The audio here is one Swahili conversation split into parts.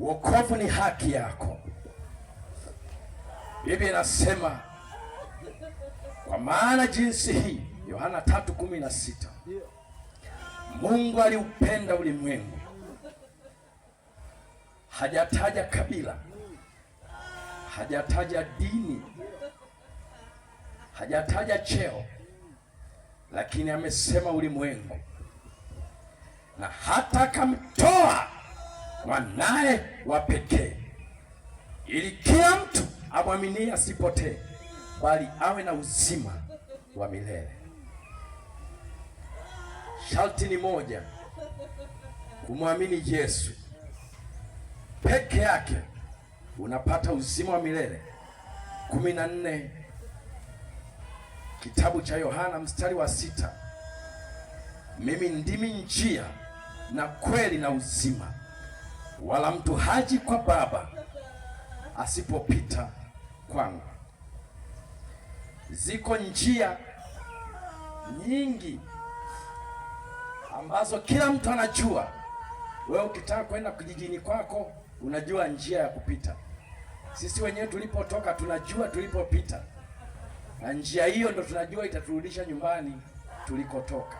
Wokovu ni haki yako. Biblia inasema kwa maana jinsi hii, Yohana 3:16, Mungu aliupenda ulimwengu. Hajataja kabila, hajataja dini, hajataja cheo, lakini amesema ulimwengu, na hata akamtoa wanaye wa pekee, ili kila mtu amwaminie asipotee, bali awe na uzima wa milele. Sharti ni moja, kumwamini Yesu peke yake unapata uzima wa milele. kumi na nne kitabu cha Yohana mstari wa sita mimi ndimi njia na kweli na uzima wala mtu haji kwa Baba asipopita kwangu. Ziko njia nyingi ambazo kila mtu anajua. Wewe ukitaka kwenda kijijini kwako, unajua njia ya kupita. Sisi wenyewe tulipotoka tunajua tulipopita, na njia hiyo ndo tunajua itaturudisha nyumbani tulikotoka.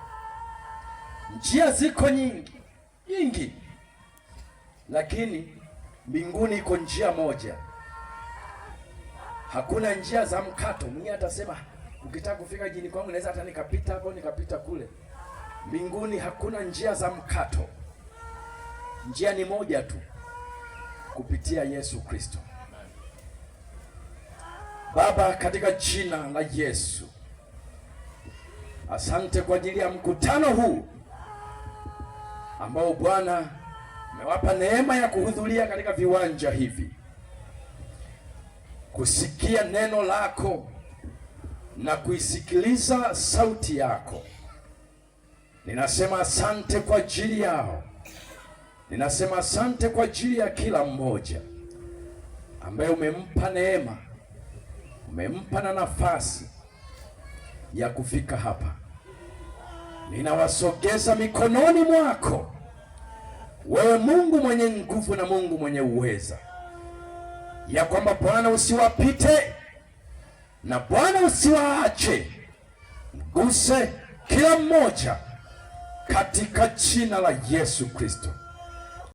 Njia ziko nyingi nyingi lakini mbinguni iko njia moja, hakuna njia za mkato. Mwenyewe atasema ukitaka kufika jini kwangu naweza hata nikapita hapo nikapita kule. Mbinguni hakuna njia za mkato, njia ni moja tu, kupitia Yesu Kristo. Baba, katika jina la Yesu, asante kwa ajili ya mkutano huu ambao Bwana Umewapa neema ya kuhudhuria katika viwanja hivi, kusikia neno lako na kuisikiliza sauti yako. Ninasema asante kwa ajili yao. Ninasema asante kwa ajili ya kila mmoja ambaye umempa neema, umempa na nafasi ya kufika hapa. Ninawasogeza mikononi mwako wewe Mungu mwenye nguvu na Mungu mwenye uweza, ya kwamba Bwana usiwapite na Bwana usiwaache, mguse kila mmoja katika jina la Yesu Kristo.